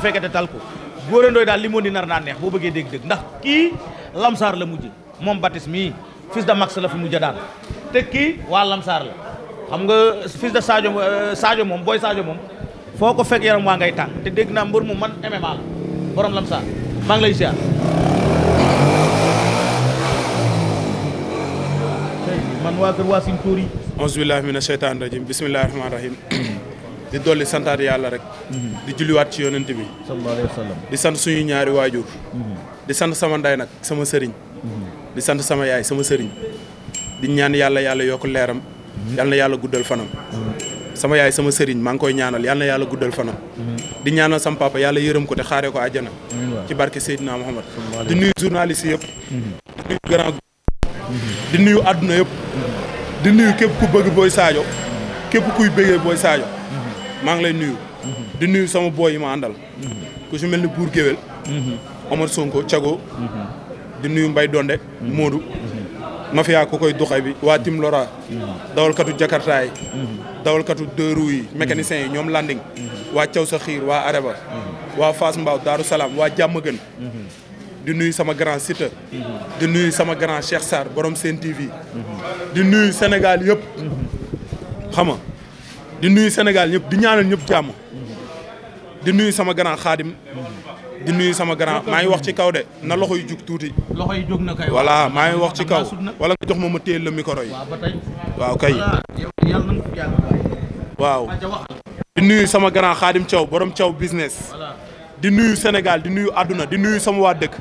fekkete tal ko góorandooy daal li moo di nar naa neex boo bëggee dégg ndax kii lamsaar la mujj moom batis mii fils de max la fi mujj daal te kii waa lamsaar la xam nga fils de Sadio euh, Sadio moom booy saajo moom foo ko fekk yaram waa ngay tàng te dégg naa mbër mu man MMA la borom lamsaar maa ngi lay ziar. man waa kër waa Sine Tour yi. billaahi mina sheytaani rajiim bismillaahi rahmaani di dolli santaat yàlla rek. Mhm. di julliwaat ci yonent bi. sallallahu alayhi di sant suñu ñaari waajur. Mhm. di sant sama nday nag sama sëriñ. Mhm. di sant sama yaay sama sëriñ. di ñaan yàlla yàlla yokk leeram. yal na yàlla guddal fanam. sama yaay sama sëriñ maa ngi koy ñaanal yal yàlla guddal fanam. di ñaanal sama papa yàlla yërëm ko te xaaree ko àjjana. ci barke Seydina Mohamed. di nuyu journaliste yëpp. di nuyu grand di nuyu àdduna yëpp. di nuyu képp ku bëgg booy Sadio. képp kuy bëggee booy Sadio. maa ngi lay nuyu. di nuyu sama boy yi ma àndal. ku si mel ni Bour Géwél. Omar Sonko Thiago. di nuyu Mbaye Donde. Modou. mafia ku koy duxay bi waa Tim Lora. dawalkatu Jakarta yi. dawalkatu deux yi. mécaniciens yi ñoom landing. waa Thiaw sa xiir waa Areba. waa Fass Mbao Daaru Salaam waa Jàmmagën. di nuyu sama grand Siteu. di nuyu sama grand Cheikh Sarr borom seen TV. di nuyu Sénégal yëpp. xam di nuyu Sénégal ñëpp di ñaanal ñëpp jàmm di nuyu sama grand xaadim di nuyu sama grand maa ngi wax ci kaw na loxo yu jug tuuti. loxo yu jug na kay maa ngi wax ci kaw wala jox ma ma téel la micro waaw kay. nuyu sama grand xaadim Thiaw borom caw business. di nuyu Sénégal di nuyu àdduna di nuyu sama waa dëkk.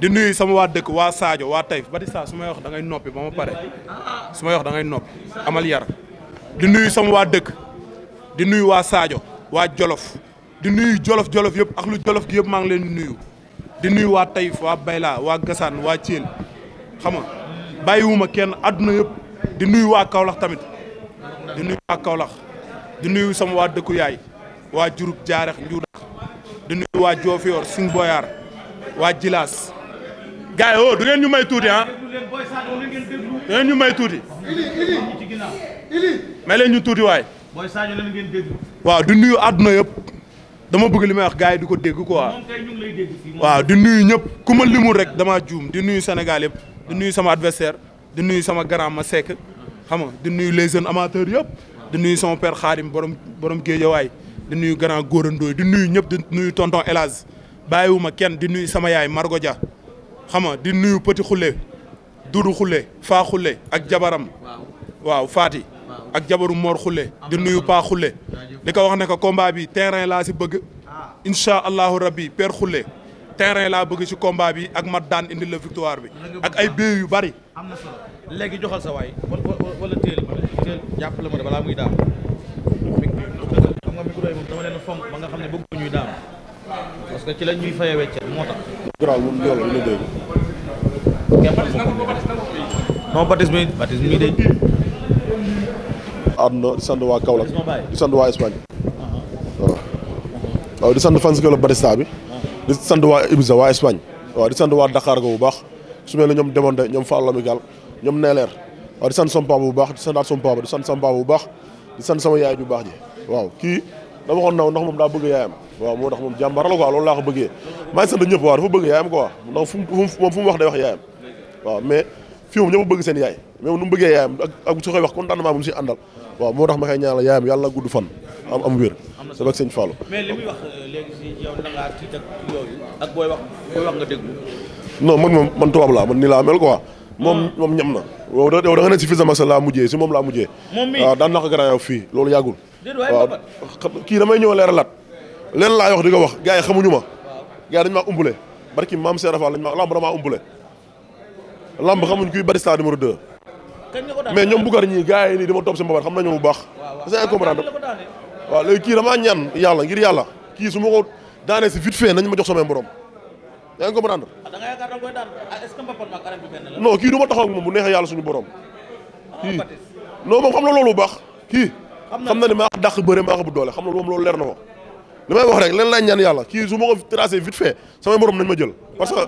di nuyu sama waa dëkk waa saajo waa Taïf Batista su may wax dangay ngay noppi ba ma pare ah. su may wax da ngay amal yar. di nuyu sama waa dëkk di nuyu waa saajo waa Jolof di nuyu Jolof Jolof yëpp ak lu Jolof gi yëpp maa ngi leen di nuyu di nuyu waa Taïf waa Bayla waa Gassane waa Thiel xam nga bàyyiwuma kenn àdduna yëpp di nuyu waa kawlax tamit di nuyu waa Kaolack di nuyu sama waa dëkku yaay waa Diouroup Diarekh Ndioudax di nuyu waa Diofior Sine Boyar waa jilaas gars yi oh, du ngeen ñu may tuuti ah. ñu may tuuti may leen ñu tuuti waay waaw di nuyu àdduna yëpp dama bëgg li may wax gars yi di ko dégg ko waaw di nuyu ñëpp ku ma limul rek dama juum di nuyu Sénégal yëpp di nuyu sama adversaire di nuyu sama grand ma sekk xam nga di nuyu les jeunes amateurs yëpp di nuyu sama père Khadim borom borom géejawaay di nuyu grand góorandooy di nuyu ñëpp di nuyu tonton El Hadj bàyyiwuma kenn di nuyu sama yaay Margo Dia xam nga di nuyu Petit Khoule Doudou Khoule Faa Khoule ak jabaram waaw Faati ak jabaru Mor Khoule di nuyu Paa Khoule di ko wax ne ko combat bi terrain laa si bëgg ah. incha allahu rabbi Père Khoule terrain laa bëgg ci combat bi ak mat daan indi la victoire bi ak ay béy yu bari am léegi joxal sa waay wala teel teel ma xam nga xam ne bëgg ñuy daam parce que ci la ñuy wecce moo tax. garaaw moom Ndiol la dégg. bi batis bi di sant waa Kaolack di sant waa Espagne. Uh-huh. waaw di sant fans club Batista bi. di sant waa Ibiza waa Espagne. waaw di sant waa Dakar ga bu baax su mel ne ñoom Demonte ñoom Fall Amical ñoom Neeleer waaw di sant sama papa bu baax di santaat sama papa di bu baax di sant sama yaay bu baax ji waaw kii. da waxoon naw ndax moom daa bëgg yaayam waaw moo tax moom jàmbaar la quoi loolu laa ko bëggee maa ngi sant ñëpp waaw dafa fu mu moom fu mu wax day wax bëgg seen yaay même nu mu bëggee yaayam ak ak koy wax contentement bu mu si àndal waaw moo tax ma koy ñaanal yaayam yàlla gudd fan am am wér sa bak sëñ Fallou mais li muy wax euh, léegi si yow da ngaa tiit ak yooyu moom laa man moom moom ñam na yow da nga ne si fils de Massa laa mujjee si moom laa mujjee waaw daan na ko grand fii loolu yàggul waaw kii damay ñëw leeralaat leen laay wax di ko wax gars yi xamuñu ma gars yi dañ maa umbule barki maam Serap Fall lañ ma lamb damaa umbule lamb xamuñ kuy Batista numéro 2. mais ñoom Bougar ñii gars yi nii dama topp si mbabar xam nañu bu baax. c'est incompréhensible waaw léegi kii damaa ñaan yàlla ngir yàlla kii su ma ko daanee si vite fait nañ ma jox samay borom. yaa ngi comprendre. Ah, da nga yaakaar da nga koy daan ah, est-ce que mbapat ma ak arène ma bu neexee yàlla suñu borom. Ah, kii non moom xam na loolu baax kii xam na ne maa ko dàq bëre maa ko bu doole xam na moom lool leer na ko li may wax rek leen laay ñaan yàlla kii su ma ko tracé vite fait samay morom nañ ma jël parce que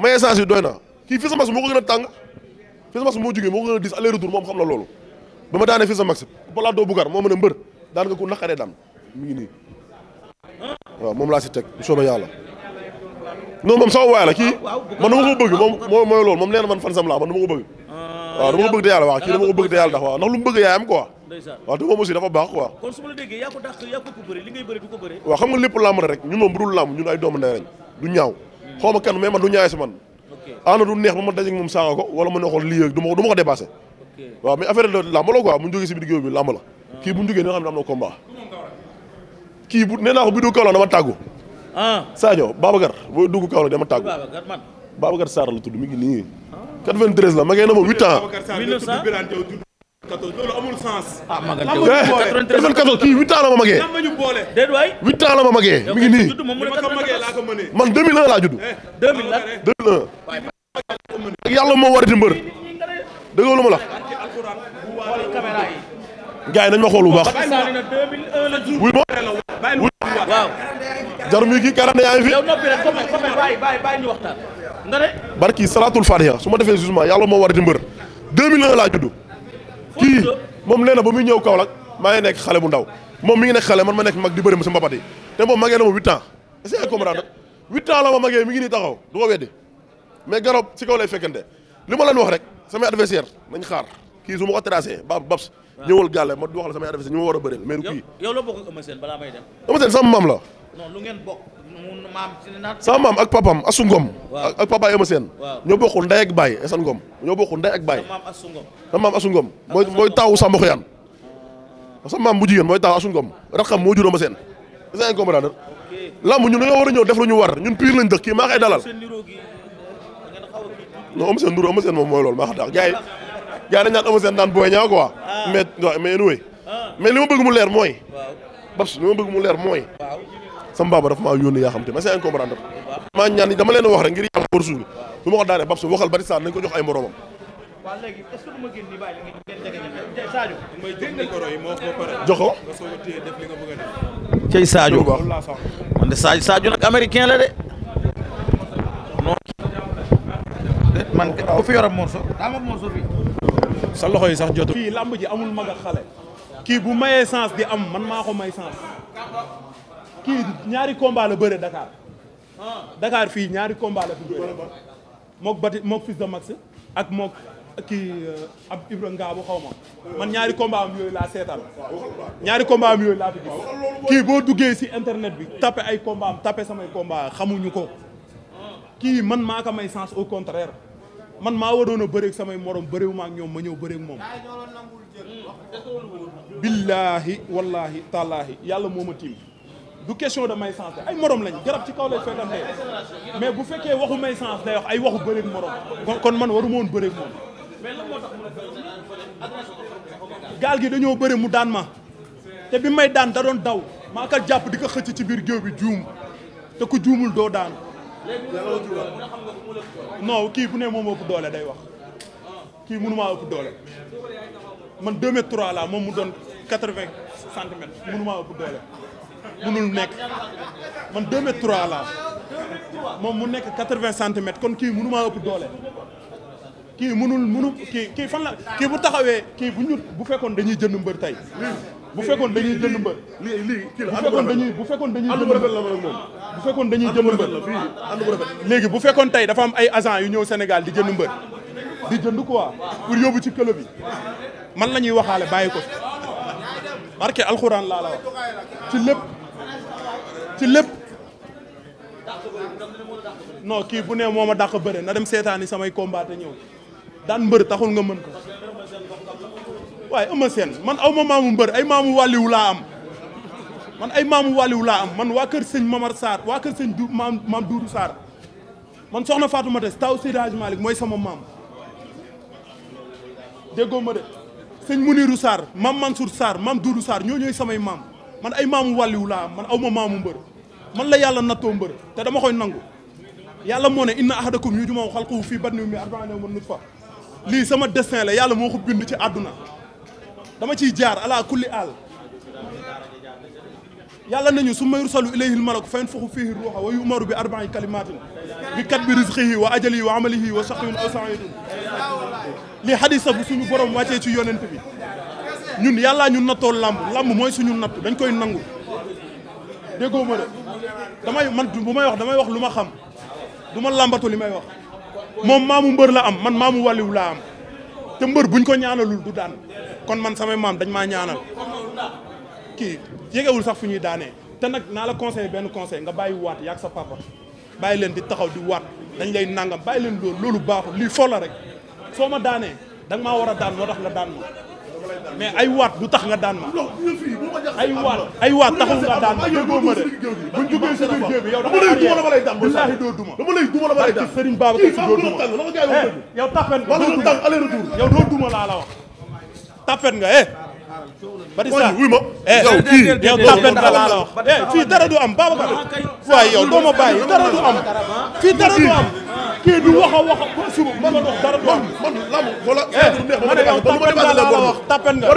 may essence yi doy na kii Fils de Max moo ko gën a tàng Fils Max moo jógee moo ko gën a dis aller retour moom xam na loolu ba ma daanee Fils de Max balaa doo bugar moo mën a mbër daan nga ko naqaree daan mi ngi nii waaw moom laa si teg bu soobee yàlla non moom sama waay la kii man ko bëgg moom moo mooy loolu moom nee na bëgg ah, waaw dama ko waaw te moom aussi dafa baax quoi kon su ma la déggee yaa ko dàq yaa nga lépp làmb rek ñun moom bu dul làmb ñun ay doomu ndey du ñaaw xaw ma kan mais man du ñaawee man aana du neex ba ma dajeeg moom saaga ko wala ma ne ko lii du ma du ma ko dépassé waaw la làmb la quoi bu ñu si biir géew bi làmb la ah. kii bu ñu jógee ne nga xam ne nee naa ko bi dugg Kaolack dama tàggu ah. Sadio Babacar booy dugg Kaolack dama tàggu Babacar la tudd mi ngi nii 93 la ma ngeen amoon 8 ans 94 loolu amul sens. ah ma nga déglu 94 kii 8 ans la ma magee. lan ñu boole. waay 8 ans la ma magee. mi ngi nii man ma ko magee laa ko mënee. man 2001 laa judd. Eh, yàlla moo war di mbër. déggoo lu ma la. gars yi nañ ma bu baax. wuy ma. waaw. jarum kii 40 yaa ngi fi. yow noppi rek comme comme bàyyi bàyyi bàyyi ñu waxtaan. nga ne. barki salaatul fatiha su ma defee justement yàlla moo war a di mbër 2001 laa judd. kii moom nee na ba muy ñëw Kaolack maa ngi nekk xale bu ndaw moom mi ngi nekk xale man ma nekk mag di bëri ma si mbapat yi te moom magee na ma huit ans est-ce que comprendre la ma magee mi ngi nii taxaw du ko weddi mais Garab si kaw lay fekkente li ma leen wax rek samay adversaire nañ xaar kii su ma ko tracé ba babs ah. ñëwal gàlle ma wax la samay adversaire ñu ma war a bëri mais du kii yow la bokk Eumeu maam la ngeen bokk sama maam ak papam Assou Ngom. ak papa Eumeu Sène. ñoo bokkul ndey ak baay Assane Ngom ñoo bokkul ndey ak baay. sama maam Assou Ngom. mooy mooy taawu Samba Xoyaan. sama maam bu jigéen mooy taawu Assou Ngom rakkam moo jur Eumeu Sène. est-ce que comprendre lamb ñun dañoo war a ñëw def lu ñu war ñun pire lañ dëkk kii maa koy dalal. non Eumeu Sène ndur Eumeu Sène moom mooy loolu maa ko tax gars yi gars yi dañ daan booy ñaaw quoi. Ah. mais mais anyway ah. mais li li ma bëgg mu leer mooy. sama baaba dafa maa yónni yaa xam te mais c'est incomprendre maa ñaan dama leen wax rek ngir yàlla war suuf bu ma ko ay moo ko pare. jox ko a téye def man de Sadio nag américain la de. non. man de ku fi yoram morso. daa sa loxo yi sax jot fii làmb ji amul mag ak xale. kii bu mayee sens di am man maa ko may sens. kii ñaari combat la bëre Dakar Dakar fii ñaari combat la fi bëre mook bati mook fils de max ak mook kii euh, ab Ibra Ngaabu xaw ma man ñaari combat am yooyu laa seetaan ñaari combat am yooyu laa fi gis kii boo duggee si internet bi tapé ay combat am tapé samay combat xamuñu ko kii man maa ko may sens au contraire man maa waroon a bëreeg samay morom bëreewuma ak ñoom ma ñëw bëreeg moom billaahi wallaahi tallaahi yàlla moo ma tiim du question de may ay morom lañ garab ci kaw lay fekkante mais bu fekkee waxu maysance sens day wax ay waxu bëreeg morom kon man waruma woon bëreeg moom gaal gi dañoo bëri mu daan ma te bi may daan da daw maa ko jàpp di ko xëcc ci biir géew bi juum te ku juumul doo daan non kii bu ne moom ëpp doole day wax kii mënumaa ëpp doole man deux trois la moom mu doon quatre vingt centimètres mënumaa ëpp doole munul nekk man 2 mètres 3 laa moom mu nekk 80 centimètres kon kii mënumaa ëpp doole kii mënul munu kii kii fan la kii bu taxawee kii bu ñu bu fekkoon dañuy jënd mbër tey. bu fekkoon dañuy jënd mbër. lii lii kii la bu dañuy bu fekkoon dañuy jënd mbër bu fekkoon dañuy jënd mbër léegi bu fekkoon tey dafa am ay agent yu ñëw Sénégal di jënd mbër di jënd quoi yóbbu ci club bi man la ñuy waxaale bàyyi ko barke alxuraan laa la lépp ci lépp non kii bu ne moo ma dàq bëre na dem seetaani samay combat te ñëw daan mbër taxul nga mën ko waaye Eumeu Sène man aw ma maamu mbër ay maamu wàlliwu laa am man ay maamu wàlliwu laa am man waa kër sëñ Mamar Sarr waa kër sëñ du maam maam Duudu Sarr man soxna Fatou Mates taw Seydi Hadji Malick mooy sama maam déggoo ma de sëñ Muniru Sarr maam Mansour saar mam Doudou saar ñoo samay maam man ay maamu wàlliwu laa man aw ma maamu mbër man la yàlla nattoo mbër te dama koy nangu yàlla moo ne inna ahadakum yu jumaw xalquhu fii batnihi mi arba'iina yawman nutfa lii sama destin la yàlla moo ko bind ci àdduna dama ciy jaar ala kulli aal yàlla nañu su mayur salu ilayhi malaku fayn faxu fiihi ruuxa wa yumaru bi arba'i kalimatin bi kat bi risqihi wa ajalihi wa amalihi wa saqiyun aw saidun li xadisa bu suñu borom wàccee ci yonent bi ñun yàllaa ñu nattoo làmb làmb mooy suñu nattu dañ koy nangu déggoo ma damay man bu may wax damay wax lu ma xam du ma làmbatu li may wax moom maamu mbër la am man maamu wàlliw laa am te mbër buñ ko ñaanalul du daan kon man samay maam dañ maa ñaanal kii jegewul sax fu ñuy daanee te nag naa la conseil benn conseil nga bàyyi waat yaag sa papa bàyyi leen di taxaw di waat dañ lay nangam bàyyi leen loolu loolu baaxul lii fo la rek soo ma daanee da nga maa war daan moo tax nga daan ma mais ay waat du tax nga daan ma ay waat ay waat taxul nga daan ma déggoo ma de buñ duggee si biir géew bi yow dama lay duma doo duma eh, laa la wax tapen nga eh Batista wuy ma. yow kii yow Tampet la la wax. fii dara du am Babacar. waaye yow doo ma bàyyi dara du am. fii dara du am. kii du wax a wax ba suba man man dara du am lam wala du eh, neex ma ne yow tappen wax tappen nga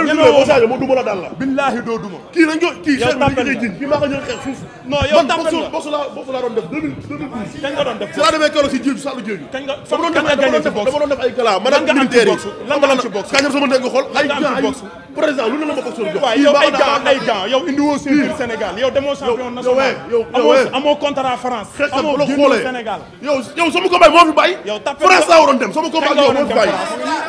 duma la dal la billahi doo kii lañ ko kii xel ma ngi jin kii maa ko ñëw xeex fuuf non yow tappen nga bosu la bosu la doon def 2000 2012 kañ nga doon ci la demee keroog si jiw Saalum Dieng kañ nga fa doon def dama doon def ay gala man ak militaire ci box moo fi bàyyi. yow tapé France laa waroon dem sama combat ak yow moo fi bàyyi.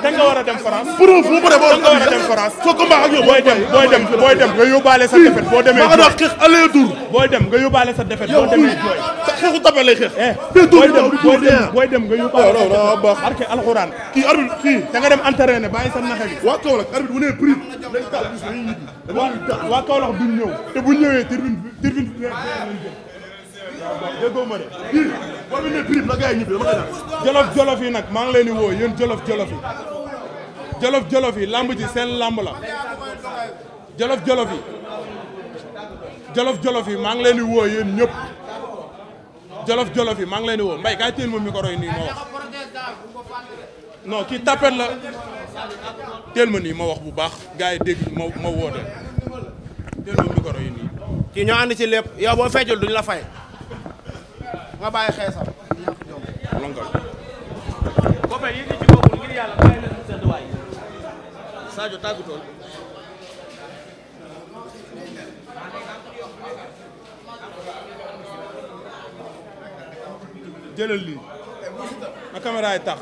da nga war a dem France pour fu mu bëree boo da nga war a dem France so combat ak yow booy dem booy dem booy dem nga yóbbaale sa défaite boo demee ma nga xeex aller tour booy dem nga yóbbaale sa défaite boo demee jooy xeexu tapé lay xeex eh, booy dem booy dem booy dem nga yóbbaale sa oh, baax barke alxuraan kii arbitre kii da nga dem entraîné bàyyi sa naxe bi waa Kaolack arbitre bu nee prix dañ taal bis dañuy ñibbi waa Kaolack duñ ñëw te bu ñëwee tribune tribune déggoo jolof jolof yi nag maa ngi leen di woo yéen jolof jolof yi jolof jolof yi lamb ji seen lamb la jolof jolof yi jolof jolof yi maa ngi leen di woo yéen ñëpp jolof jolof yi maa ngi leen di woo mbay kaay téel ma micro yi nii ma wax non kii ma wax bu baax gars yi dégg ma ma woote téel ma micro yi nii. kii ñoo ànd ci lépp yow boo feccul duñ la fay. nga bàyyi xeesal jëlal lii na caméra tax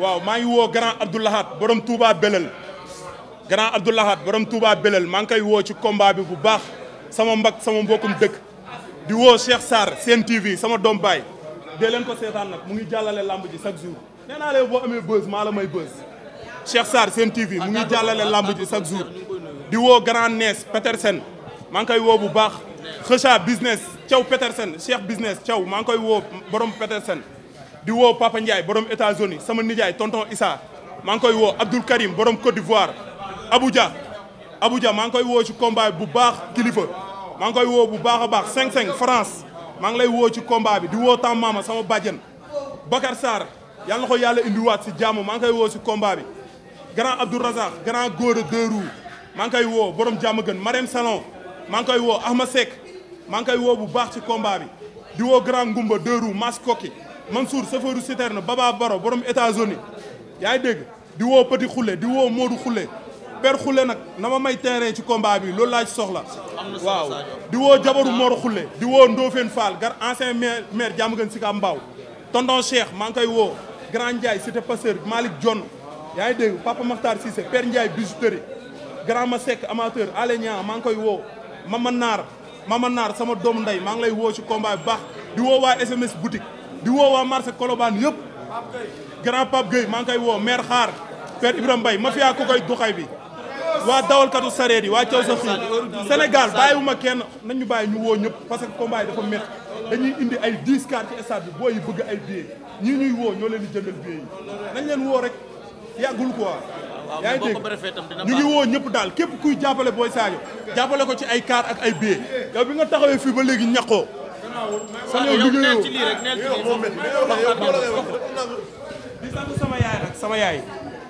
waaw maa ngi woo grand Abdoulahat boroom Touba Belal grand Abdoulahat borom Touba Belal maa ngi koy woo ci kombaa bi bu baax sama mbag sama mbokkum dëkk di woo Cheikh Sarr Sen TV sama doom baay dee leen ko seetaan nag mu ngi jàllale lamb ji chaque jour nee naa leen boo amee buzz maa la may buzz Cheikh Sarr Sen TV mu ngi jàllale lamb ji chaque jour di woo Grand Nes Petersen maa ngi koy woo bu baax Xëcha business Thiaw Petersen Cheikh business Thiaw maa ngi koy woo borom Petersen di woo Papa Ndiaye borom États-Unis sama nijaay tonton Issa maa ngi koy woo Abdoul Karim borom Côte d'Ivoire Abuja Abuja maa ngi koy woo ci combat bu baax kilifa maa ngi koy woo bu baax a baax 5-5 France maa ngi lay woo ci combat bi di woo tam sama bàjjen Bakar Sarr yàlla na ko yàlla indiwaat si jàmm maa ngi koy woo ci combat bi grand Abdou Razak grand Gora Dërou maa ngi koy woo borom jàmm gën Marème Salon maa ngi koy woo Ahma Seck maa ngi koy woo bu baax ci combat bi di woo grand Ngumba Dërou Mas Koki Mansour chauffeur citerne Baba Baro borom États-Unis yaa ngi dégg di woo Petit Khoule di woo Modou Khoule père Khoule nag na ma may terrain ci combat bi loolu laa ci soxla waaw di woo jabaru Mor Khoule di woo Ndofène Fall gar ancien maire maire Diamaguène Sicap Mbao tonton Cheikh maa ngi koy woo grand Ndiaye cité Pasteur Malick Dione yaa ngi dégg Papa Makhtar Cissé père Ndiaye bijouterie grand Masek amateur Alenia maa ngi koy woo Mama Naar Mama Naar sama doom ndey maa ngi lay woo si combat bu baax di woo waa SMS boutique di woo waa marché Colobane yëpp grand Pape Gueye maa ngi koy woo maire Xaar père Ibrahima Mbaye bi waa dawalkatu sareet yi waa caw sa xiir Sénégal bàyyiwuma kenn nañu bàyyi ñu woo ñëpp parce que combat yi dafa métti dañuy indi ay diis cars ci stade bi booy bëgg ay billets ñii ñuy woo ñoo leen di jëndal billets yi nañ leen woo rek yàggul quoi yaa ngi dégg ñu ngi woo ñëpp daal képp kuy jàppale Boy Sadio jàppale ko ci ay cars ak ay billets yow bi nga taxawee fii ba léegi ñaqoo sa yow liggéeyoo di sant sama yaay nag sama yaay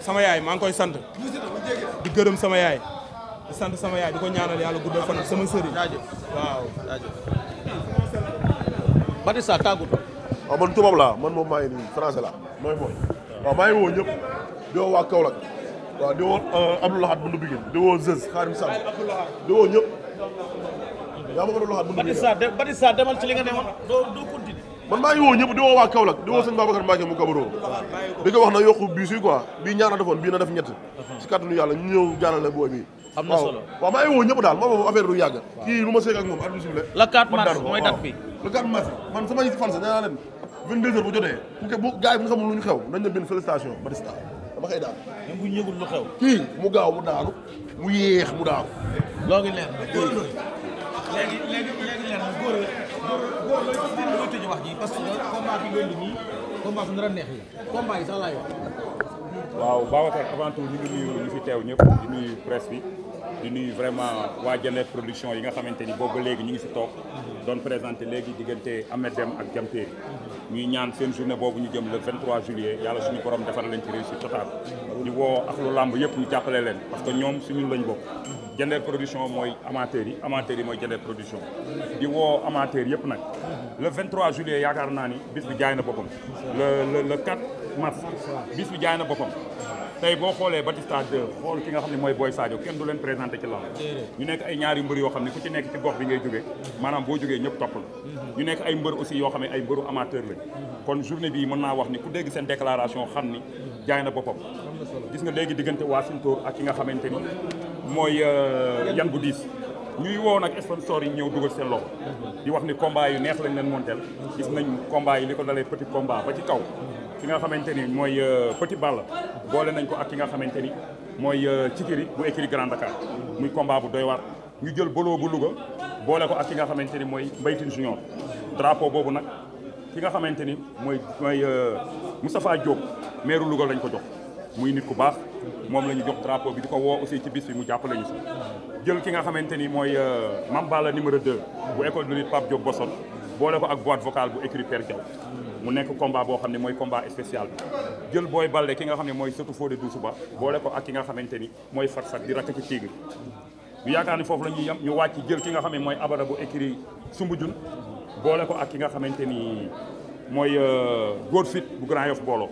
sama yaay maa ngi koy sant di gërëm sama yaay di sant sama yaay di ko ñaanal yàlla guddal fan sama sëriñ waaw Batista tàggut waaw man tubaab laa man moom maa ngi nii mooy mooy waaw woo ñëpp di woo waa Kaolack waaw di woo euh, Abdou Lahad Bundu Bigin di woo Zeus Xaarim Sall di woo ñëpp yaa ma ko doon demal ci li nga demoon doo doo man maa ngi woo ñëpp di woo waa Kaolack di woo sëñ Babacar Mbacke mu kabaroo di ko wax na yokku biis yi quoi bii ñaar na defoon bii na def ñett uh-huh. si kàttanu yàlla ñu ñëw jaanale booy bi man sama ñi si naa leen bu jotee ku ke bu gars xamul lu ñu xew nañ na benn félicitation Batista dama koy daal même bu ñëwul lu xew kii mu gaaw mu daanu mu yéex mu daanu mooy tëj wax ji parce que combat bi loolu nii combat bu nar a neex la combat yi sax laay wax waaw Babacar avant tout ñu ngi nuyu ñu fi teew ñëpp di nuyu presse bi di vraiment waa Jëneet production yi nga xamante ni boobu ba léegi ñu ngi si toog doon présenté léegi diggante Ameth ak Diam Terry ñuy ñaan seen journée boobu ñu jëm le 23 juillet yàlla suñu borom defal leen ci si totale di woo ak lu làmb yëpp ñu jàppale leen parce que ñoom suñu lañ bokk Jëneet production mooy amateurs yi amateurs yi mooy Jëneet production di woo amateurs yëpp nag le 23 juillet yaakaar naa ni bis bi na boppam mars bis bi jaay na boppam tey boo xoolee Batista 2 xool ki nga xam ne mooy Boy Sadio kenn du leen présenté ci lamb ñu nekk ay ñaari mbër yoo xam ne ku ci nekk ci gox bi ngay jógee maanaam boo jógee ñëpp topp la ñu nekk ay mbër aussi yoo xam ne ay mbëru amateur lañ kon journée bii mën naa wax ni ku dégg seen déclaration xam ni jaay na boppam gis nga léegi diggante Wassintor ak ki nga xamante ni mooy euh, yan bu diis ñuy woo nag sponsor yi ñëw dugal seen loxo di wax ni combat yu neex lañ leen montel gis nañ combat yi li ko dalee petit combat ba ci kaw ki nga xamante ni mooy euh, Petit Balla boole nañ ko ak ki nga xamante ni mooy euh, Cikiri bu écurie Grand Dakar muy combat bu doy war ñu jël boloo bu Louga boole ko ak ki nga xamante ni mooy Mbaye Tine Junior drapeau boobu nag ki nga xamante ni mooy mooy euh, Moustapha Diop maire Louga lañ ko jox muy nit ku baax moom la ñu jox drapeau bi di ko woo aussi ci bis bi mu jàpp ñu si jël ki nga xamante ni mooy Mame Balla numéro 2 bu école de lutte Pape Diop Bosson boole ko ak boîte vocal bu écrit Père Diaw mu nekk combat boo xam ne mooy combat spécial bi jël booy Baldé ki nga xam ne mooy surtout Fodé Doussouba boole ko ak ki nga xamante ni mooy Fat Fat di rakk ci Tigre ñu yaakaar ni foofu la ñuy ñu wàcc jël ki nga xam ne mooy abada bu écrit Soumbédioune boole ko ak ki nga xamante ni mooy euh, góor fit bu Grand Yoff booloo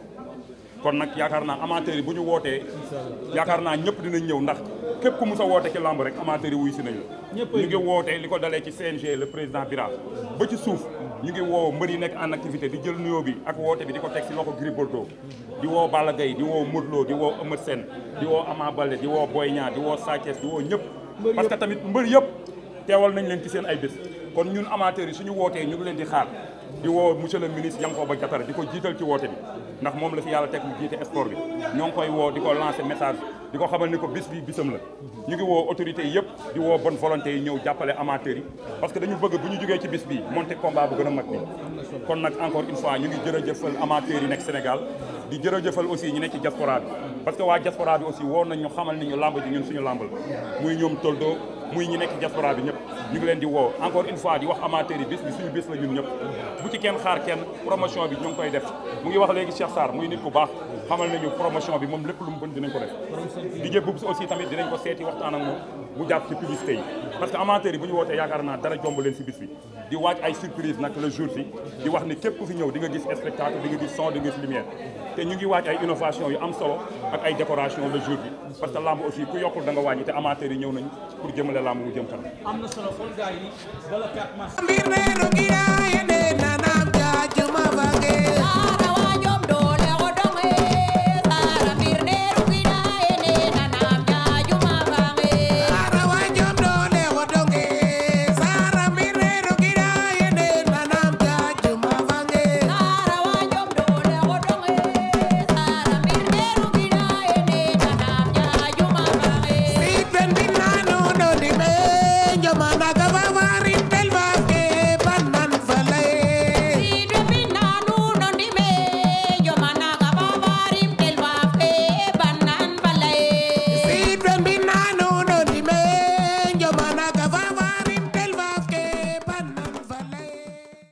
kon nag yaakaar naa amateurs yi bu ñu wootee yaakaar naa ñëpp dinañ ñëw ndax képp ku mus a woote ci làmb rek amateurs wu wuy si nañu ñu ngi wootee li ko dalee ci CNG le président Bira ba ci suuf ñu ngi woo mbër yi nekk en activité di jël nuyoo bi ak woote bi di ko teg si loxo Gris Bordeaux di woo Balla Gaye di woo Modou Lo di woo Eumeu seen di woo Ama Baldé di woo Boy Niang di woo Sa Thiès di woo ñëpp parce que tamit mbër yëpp teewal nañ leen ci seen ay bés kon ñun amateurs yi suñu wootee ñu ngi leen di xaar di woo monsieur le ministre Yankhoba Diattara di ko jiital ci woote bi ndax moom la fi yàlla teg mu jiite sport bi ñoo ngi koy woo di ko lancer message di ko xamal ni ko bis bi bisam la ñu ngi woo autorités yëpp di woo bonne volonté yi ñëw jàppale amateurs yi parce que dañu bëgg bu ñu jógee ci bis bi monter combat bu gën a mag bi kon nag encore une fois ñu ngi a amateurs yi nekk Sénégal di jërëjëfal aussi ñu nekk ci bi parce que waa diaspora bi aussi woo nañ ñu xamal ni ñu làmb ji ñun suñu làmb muy ñoom toldo muy ñi nekk ñëpp ñu ngi leen di woo encore une fois di wax amateurs yi bis bi bis la ñëpp bu kenn xaar kenn promotion bi ñu ngi koy def mu ngi wax léegi Cheikh Sarr muy nit ku baax xamal nañu promotion bi moom lépp lu mu bën dinañ ko def DJ Boubs aussi tamit dinañ ko seeti waxtaan ak moom mu jàpp ci publicité parce que amateurs yi bu ñu wootee yaakaar naa dara jomb leen si bis bi di waaj ay surprise nag le jour si di wax ni képp ku fi ñëw di nga gis spectacle di nga gis son di gis lumière te ñu ngi waaj ay innovation yu am solo ak ay décoration le jour bi parce que lamb aussi ku yokkul danga nga wàññi te amateurs yi ñëw nañ pour jëmale lamb mu jëm kanam.